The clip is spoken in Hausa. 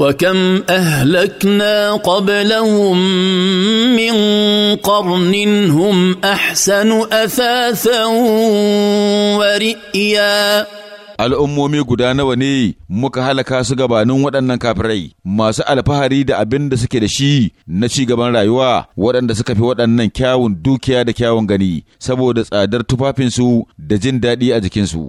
وكم اهلكنا قبلهم من قرن هم احسن اثاثا ورئيا al'ummomi guda nawa ne muka halaka su gabanin waɗannan kafirai masu alfahari da abin da suke da shi na cigaban rayuwa waɗanda suka fi waɗannan kyawun dukiya da kyawun gani saboda tsadar tufafinsu da jin daɗi a jikinsu.